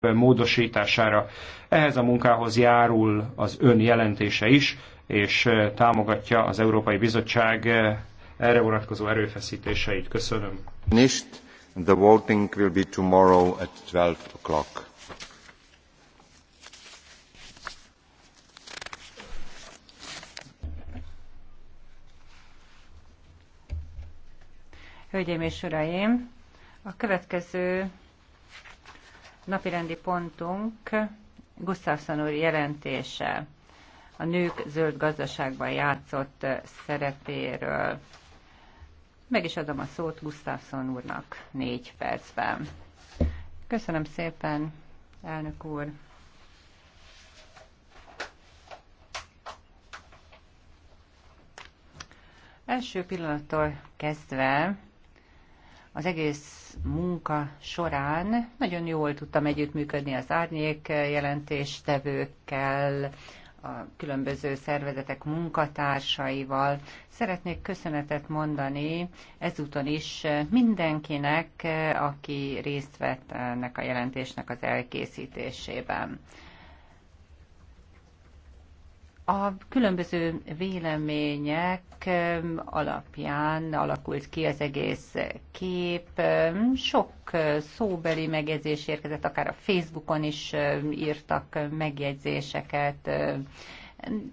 módosítására. Ehhez a munkához járul az ön jelentése is, és eh, támogatja az Európai Bizottság eh, erre vonatkozó erőfeszítéseit. Köszönöm. Nist, the voting will be tomorrow at 12 o'clock. Hölgyeim és Uraim, a következő napirendi pontunk Gustafsson úr jelentése a nők zöld gazdaságban játszott szerepéről. Meg is adom a szót Gustafsson úrnak négy percben. Köszönöm szépen, elnök úr! Első pillanattól kezdve az egész munka során nagyon jól tudtam együttműködni az árnyék jelentéstevőkkel, a különböző szervezetek munkatársaival. Szeretnék köszönetet mondani ezúton is mindenkinek, aki részt vett ennek a jelentésnek az elkészítésében. A különböző vélemények um, alapján alakult ki az egész kép. Um, sok uh, szóbeli megjegyzés érkezett, akár a Facebookon is um, írtak megjegyzéseket.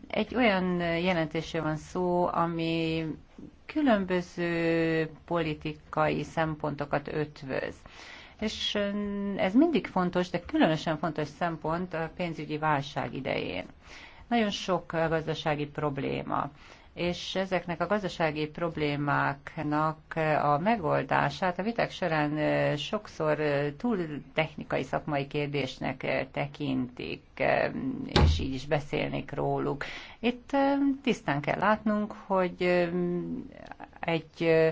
Egy olyan jelentésről van szó, ami különböző politikai szempontokat ötvöz. És ez mindig fontos, de különösen fontos szempont a pénzügyi válság idején. Nagyon sok eh, gazdasági probléma és ezeknek a gazdasági problémáknak eh, a megoldását a viták során eh, sokszor túl technikai szakmai kérdésnek tekintik, és így is beszélnek róluk. Itt tisztán kell látnunk, hogy egy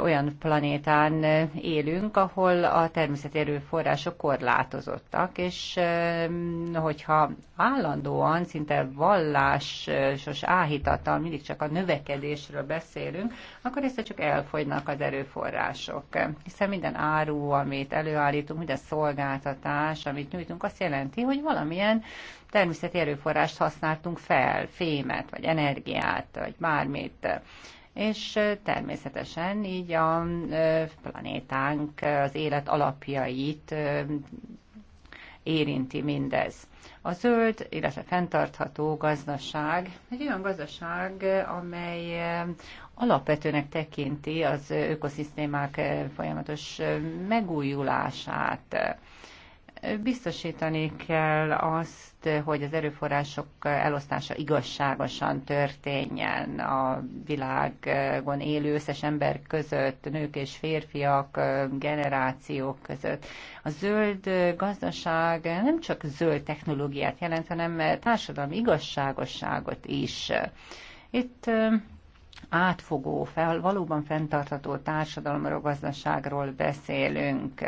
olyan planétán élünk, ahol a természeti erőforrások korlátozottak, és eh, hogyha állandóan, szinte vallásos áhítattal mindig csak a növekedésről beszélünk, akkor ezt csak elfogynak az erőforrások. Hiszen minden áru, amit előállítunk, minden szolgáltatás, amit nyújtunk, azt jelenti, hogy valamilyen természeti erőforrást használtunk fel, fémet, vagy energiát, vagy bármit és természetesen így a planétánk az élet alapjait érinti mindez. A zöld, illetve fenntartható gazdaság egy olyan gazdaság, amely alapvetőnek tekinti az ökoszisztémák folyamatos megújulását biztosítani kell azt, hogy az erőforrások elosztása igazságosan történjen a világon élő összes ember között, nők és férfiak, generációk között. A zöld gazdaság nem csak zöld technológiát jelent, hanem társadalmi igazságosságot is. Itt átfogó, fel, valóban fenntartható társadalomról, gazdaságról beszélünk.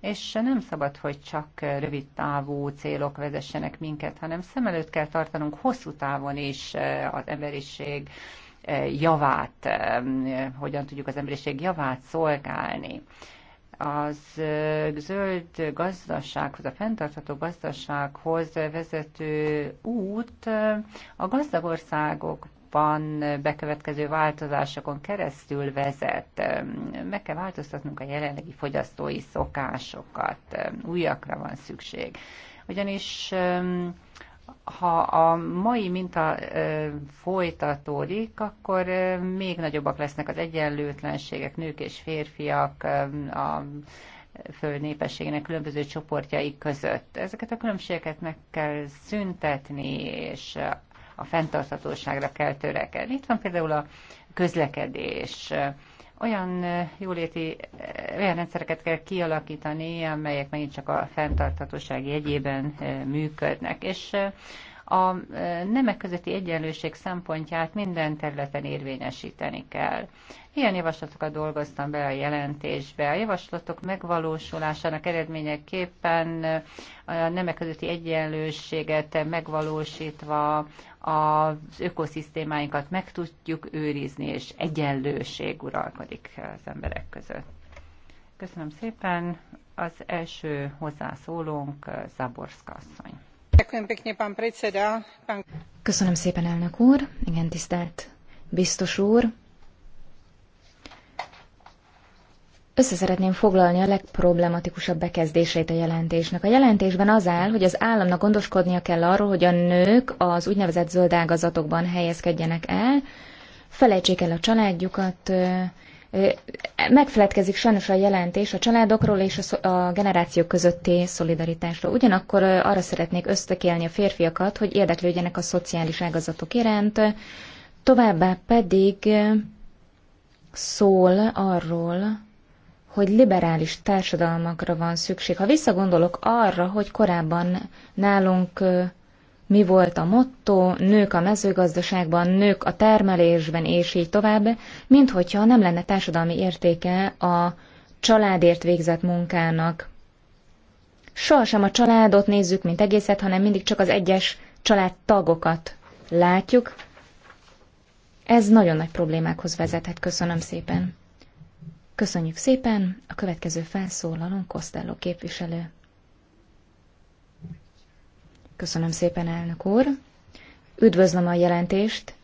És nem szabad, hogy csak rövid távú célok vezessenek minket, hanem szem előtt kell tartanunk hosszú távon is eh, az emberiség eh, javát, eh, hogyan tudjuk az emberiség javát szolgálni az zöld gazdasághoz, a fenntartható gazdasághoz vezető út a gazdag országok Európában bekövetkező változásokon keresztül vezet. Meg kell változtatnunk a jelenlegi fogyasztói szokásokat, újakra van szükség. Ugyanis ha a mai minta folytatódik, akkor még nagyobbak lesznek az egyenlőtlenségek, nők és férfiak, a föld népességének különböző csoportjai között. Ezeket a különbségeket meg kell szüntetni, és a fenntarthatóságra kell törekedni. Itt van például a közlekedés. Olyan jóléti, olyan rendszereket kell kialakítani, amelyek megint csak a fenntarthatóság jegyében működnek. És a nemek közötti egyenlőség szempontját minden területen érvényesíteni kell. Ilyen javaslatokat dolgoztam be a jelentésbe. A javaslatok megvalósulásának eredményeképpen a nemek közötti egyenlőséget megvalósítva az ökoszisztémáinkat meg tudjuk őrizni, és egyenlőség uralkodik az emberek között. Köszönöm szépen. Az első hozzászólónk Zaborszka asszony. Köszönöm szépen, elnök úr. Igen, tisztelt biztos úr. Össze szeretném foglalni a legproblematikusabb bekezdéseit a jelentésnek. A jelentésben az áll, hogy az államnak gondoskodnia kell arról, hogy a nők az úgynevezett zöld ágazatokban helyezkedjenek el, felejtsék el a családjukat, megfeledkezik sajnos a jelentés a családokról és a, generációk közötti szolidaritásról. Ugyanakkor arra szeretnék ösztökélni a férfiakat, hogy érdeklődjenek a szociális ágazatok iránt, továbbá pedig szól arról, hogy liberális társadalmakra van szükség. Ha visszagondolok arra, hogy korábban nálunk mi volt a motto, nők a mezőgazdaságban, nők a termelésben, és így tovább, mint hogyha nem lenne társadalmi értéke a családért végzett munkának. Sohasem a családot nézzük, mint egészet, hanem mindig csak az egyes családtagokat látjuk. Ez nagyon nagy problémákhoz vezethet. Köszönöm szépen. Köszönjük szépen. A következő felszólalón Costello képviselő. Köszönöm szépen, elnök úr. Üdvözlöm a jelentést.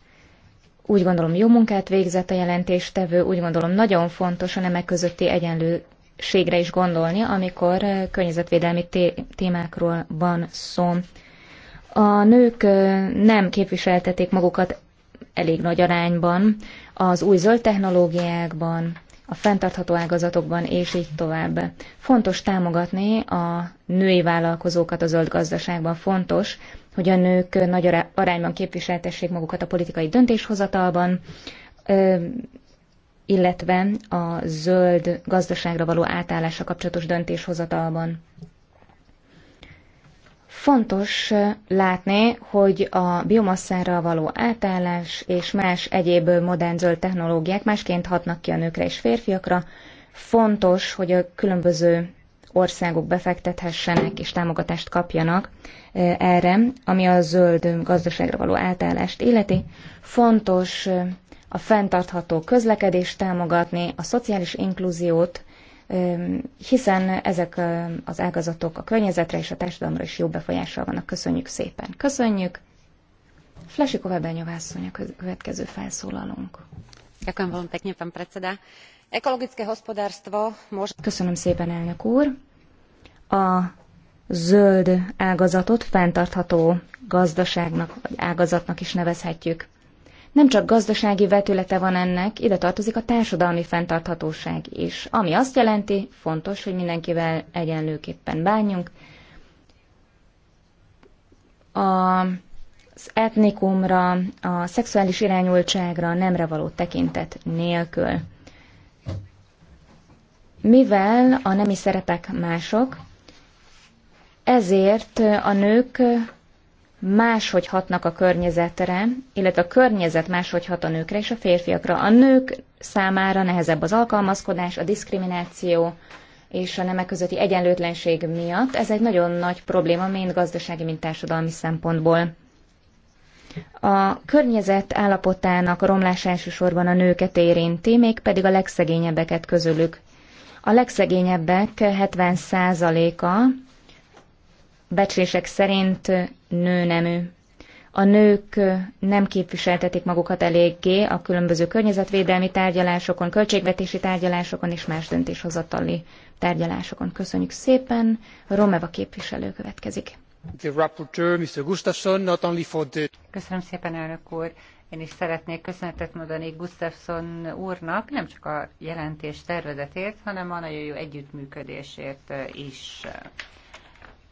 Úgy gondolom, jó munkát végzett a jelentéstevő, úgy gondolom, nagyon fontos a nemek közötti egyenlőségre is gondolni, amikor eh, környezetvédelmi témákról van szó. A nők eh, nem képviseltetik magukat elég nagy arányban az új zöld technológiákban, a fenntartható ágazatokban, és így tovább. Fontos támogatni a női vállalkozókat a zöld gazdaságban, fontos, hogy a nők nagy arányban képviseltessék magukat a politikai döntéshozatalban, illetve a zöld gazdaságra való átállása kapcsolatos döntéshozatalban. Fontos látni, hogy a biomasszára való átállás és más egyéb modern zöld technológiák másként hatnak ki a nőkre és férfiakra. Fontos, hogy a különböző országok befektethessenek és támogatást kapjanak erre, ami a zöld gazdaságra való átállást illeti. Fontos a fenntartható közlekedést támogatni, a szociális inkluziót hiszen ezek az ágazatok a környezetre és a társadalomra is jó befolyással vannak. Köszönjük szépen. Köszönjük. Flesikova Benyovászony a következő felszólalónk. Köszönöm szépen, elnök úr. A zöld ágazatot fenntartható gazdaságnak vagy ágazatnak is nevezhetjük. Nem csak gazdasági vetülete van ennek, ide tartozik a társadalmi fenntarthatóság is, ami azt jelenti, fontos, hogy mindenkivel egyenlőképpen bánjunk. A az etnikumra, a szexuális irányultságra, a nemre való tekintet nélkül. Mivel a nemi szerepek mások, ezért a nők máshogy hatnak a környezetre, illetve a környezet máshogy hat a nőkre és a férfiakra. A nők számára nehezebb az alkalmazkodás, a diszkrimináció és a nemek közötti egyenlőtlenség miatt. Ez egy nagyon nagy probléma, mind gazdasági, mind társadalmi szempontból. A környezet állapotának a romlás elsősorban a nőket érinti, mégpedig a legszegényebbeket közülük. A legszegényebbek 70%-a becslések szerint nőnemű. A nők nem képviseltetik magukat eléggé a különböző környezetvédelmi tárgyalásokon, költségvetési tárgyalásokon és más döntéshozatali tárgyalásokon. Köszönjük szépen. Romeva képviselő következik. Köszönöm szépen, elnök úr. Én is szeretnék köszönetet mondani Gustafsson úrnak, nem csak a jelentés tervezetért, hanem a nagyon jó együttműködésért is.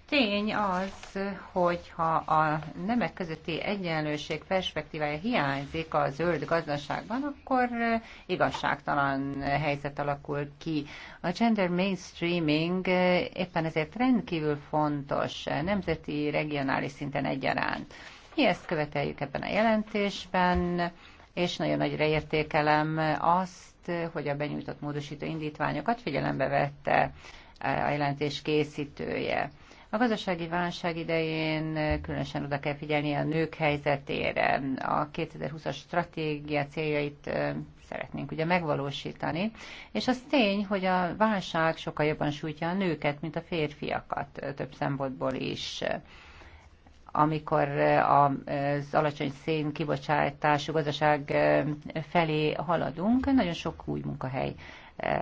Tény az, hogyha a nemek közötti egyenlőség perspektívája hiányzik a zöld gazdaságban, akkor eh, igazságtalan helyzet alakul ki. A gender mainstreaming eh, éppen ezért rendkívül fontos eh, nemzeti, regionális szinten egyaránt. Mi ezt követeljük ebben a jelentésben, és nagyon nagyra értékelem azt, hogy a benyújtott módosító indítványokat figyelembe vette a jelentés készítője. A gazdasági válság idején eh, különösen oda kell figyelni a nők helyzetére. A 2020-as stratégia céljait eh, szeretnénk ugye megvalósítani, és az tény, hogy a válság sokkal jobban sújtja a nőket, mint a férfiakat eh, több szempontból is amikor eh, az alacsony szén kibocsátású gazdaság eh, felé haladunk, nagyon sok új munkahely eh,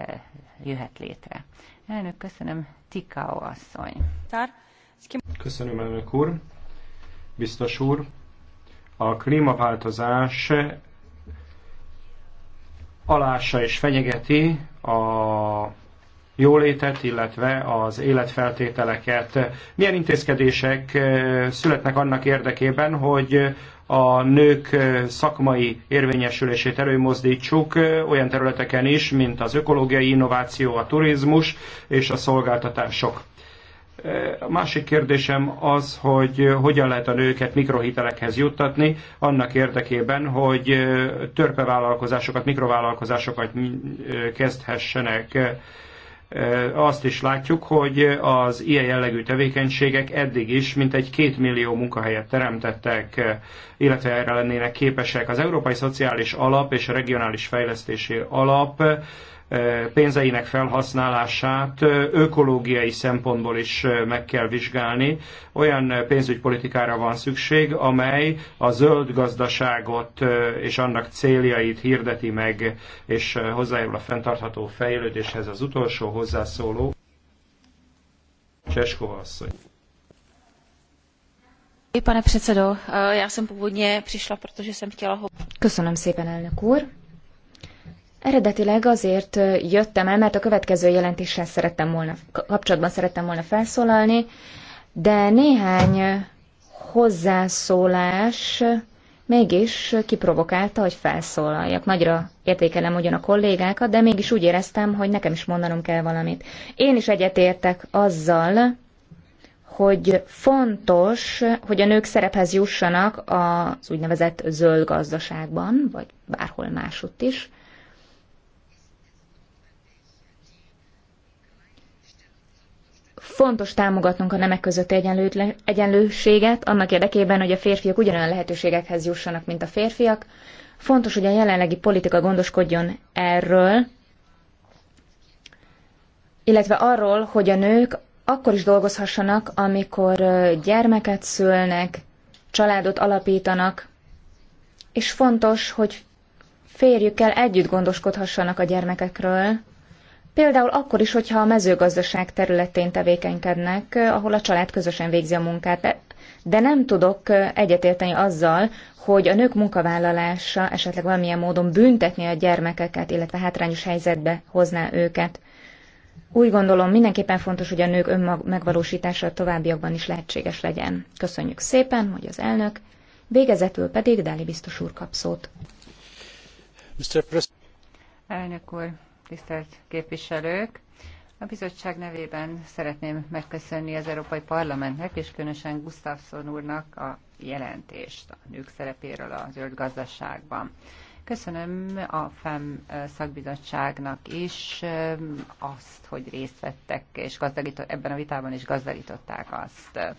jöhet létre. Elnök, köszönöm, Tikao asszony. Köszönöm, elnök úr. Biztos úr, a klímaváltozás alása és fenyegeti a jólétet, illetve az életfeltételeket. Milyen intézkedések eh, születnek annak érdekében, hogy a nők eh, szakmai érvényesülését előmozdítsuk eh, olyan területeken is, mint az ökológiai innováció, a turizmus és a szolgáltatások. A másik kérdésem az, hogy hogyan lehet a nőket mikrohitelekhez juttatni, annak érdekében, hogy törpevállalkozásokat, mikrovállalkozásokat mm, kezdhessenek azt is látjuk, hogy az ilyen jellegű tevékenységek eddig is mintegy két millió munkahelyet teremtettek, illetve erre lennének képesek. Az Európai Szociális Alap és a Regionális Fejlesztési Alap pénzeinek felhasználását ökológiai szempontból is meg kell vizsgálni. Olyan pénzügypolitikára van szükség, amely a zöld gazdaságot és annak céljait hirdeti meg, és hozzájárul a fenntartható fejlődéshez az utolsó hozzászóló. Cseskova asszony. Pane předsedo, já jsem původně přišla, protože jsem chtěla ho... Köszönöm szépen, elnök úr. Eredetileg azért jöttem el, mert a következő jelentéssel szerettem volna, kapcsolatban szerettem volna felszólalni, de néhány hozzászólás mégis kiprovokálta, hogy felszólaljak. Nagyra értékelem ugyan a kollégákat, de mégis úgy éreztem, hogy nekem is mondanom kell valamit. Én is egyetértek azzal, hogy fontos, hogy a nők szerephez jussanak az úgynevezett zöld gazdaságban, vagy bárhol másutt is. Fontos támogatnunk a nemek közötti egyenlőséget, annak érdekében, hogy a férfiak ugyanolyan lehetőségekhez jussanak, mint a férfiak. Fontos, hogy a jelenlegi politika gondoskodjon erről, illetve arról, hogy a nők akkor is dolgozhassanak, amikor gyermeket szülnek, családot alapítanak, és fontos, hogy férjükkel együtt gondoskodhassanak a gyermekekről, Például akkor is, hogyha a mezőgazdaság területén tevékenykednek, eh, ahol a család közösen végzi a munkát. De nem tudok eh, egyetérteni azzal, hogy a nők munkavállalása esetleg valamilyen módon büntetni a gyermekeket, illetve hátrányos helyzetbe hozná őket. Úgy gondolom, mindenképpen fontos, hogy a nők önmag megvalósítása a továbbiakban is lehetséges legyen. Köszönjük szépen, hogy az elnök. Végezetül pedig Dáli biztos úr kap szót. Mr. Elnök úr, tisztelt képviselők! A bizottság nevében szeretném megköszönni az Európai Parlamentnek, és különösen Gustafsson úrnak a jelentést a nők szerepéről a zöld gazdaságban. Köszönöm a FEM szakbizottságnak is eh, azt, hogy részt vettek, és gazdagított, ebben a vitában is gazdagították azt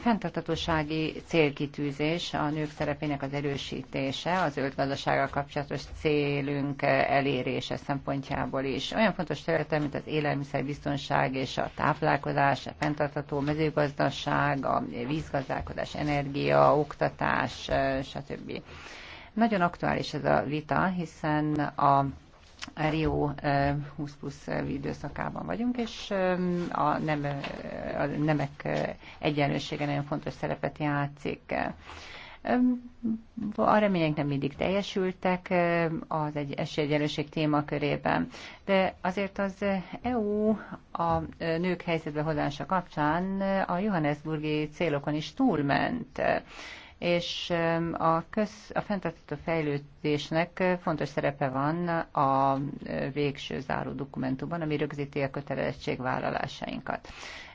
fenntartatósági célkitűzés, a nők szerepének az erősítése, az zöld gazdasággal kapcsolatos célünk elérése szempontjából is. Olyan fontos terület, mint az élelmiszerbiztonság és a táplálkozás, a fenntartató mezőgazdaság, a vízgazdálkodás, energia, oktatás, stb. Nagyon aktuális ez a vita, hiszen a Rio 20 plusz időszakában vagyunk, és a, nem, a nemek egyenlősége nagyon fontos szerepet játszik. A remények nem mindig teljesültek az egy esélyegyenlőség témakörében, de azért az EU a nők helyzetbe hozása kapcsán a Johannesburgi célokon is túlment és a, köz, a fenntartható fejlődésnek fontos szerepe van a végső záró dokumentumban, ami rögzíti a kötelezettségvállalásainkat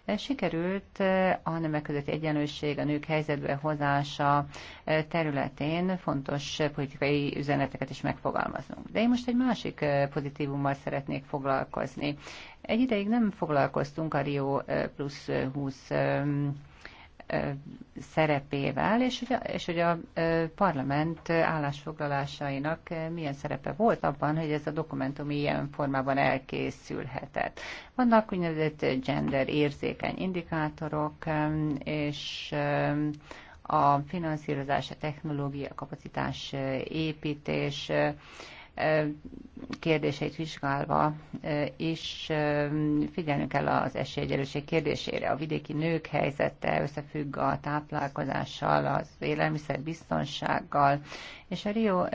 e, sikerült a nemek közötti egyenlőség, a nők helyzetbe hozása területén fontos politikai üzeneteket is megfogalmaznunk. De én most egy másik pozitívummal szeretnék foglalkozni. Egy ideig nem foglalkoztunk a Rio Plus 20 szerepével, és hogy, a, és hogy a parlament állásfoglalásainak milyen szerepe volt abban, hogy ez a dokumentum ilyen formában elkészülhetett. Vannak úgynevezett gender érzékeny indikátorok, és a finanszírozás, a technológia, a kapacitás építés, kérdéseit vizsgálva is figyelnünk kell az esélyegyenlőség kérdésére. A vidéki nők helyzete összefügg a táplálkozással, az élelmiszer biztonsággal, és a Rio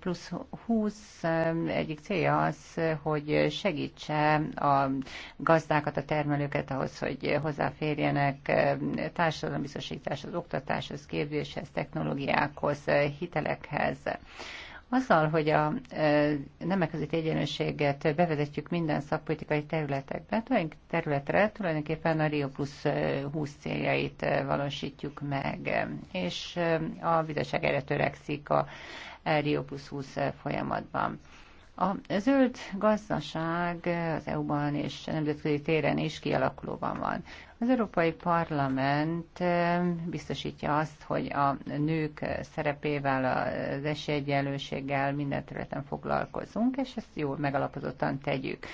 plusz 20 egyik célja az, hogy segítse a gazdákat, a termelőket ahhoz, hogy hozzáférjenek társadalombiztosításhoz, oktatáshoz, képzéshez, technológiákhoz, hitelekhez. Azzal, hogy a nemek között egyenlőséget bevezetjük minden szakpolitikai területekbe, területre tulajdonképpen a Rio Plus 20 céljait valósítjuk meg, és a vidaság erre törekszik a Rio Plus 20 folyamatban. A zöld gazdaság az EU-ban és nemzetközi téren is kialakulóban van. Az Európai Parlament biztosítja azt, hogy a nők szerepével, az esélyegyenlőséggel minden területen foglalkozunk, és ezt jól megalapozottan tegyük.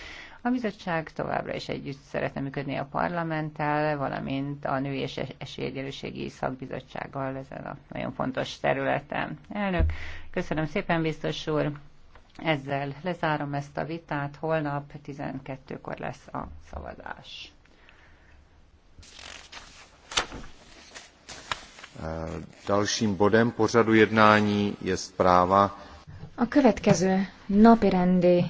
A bizottság továbbra is együtt szeretne működni a parlamenttel, valamint a női és esélyegyelőségi szakbizottsággal ezen a nagyon fontos területen. Elnök, köszönöm szépen, biztos úr! Ezzel lezárom ezt a vitát, holnap 12-kor lesz a szavazás. E, dalším bodem pořadu jednání je zpráva. A következő napirendi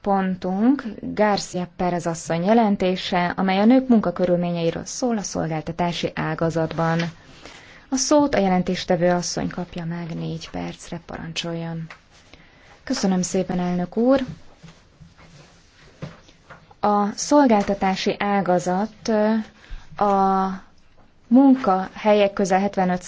pontunk Garcia Perez asszony jelentése, amely a nők munkakörülményeiről szól a szolgáltatási ágazatban. A szót a jelentéstevő asszony kapja meg négy percre, parancsoljon. Köszönöm szépen, elnök úr! A szolgáltatási ágazat a munkahelyek közel 75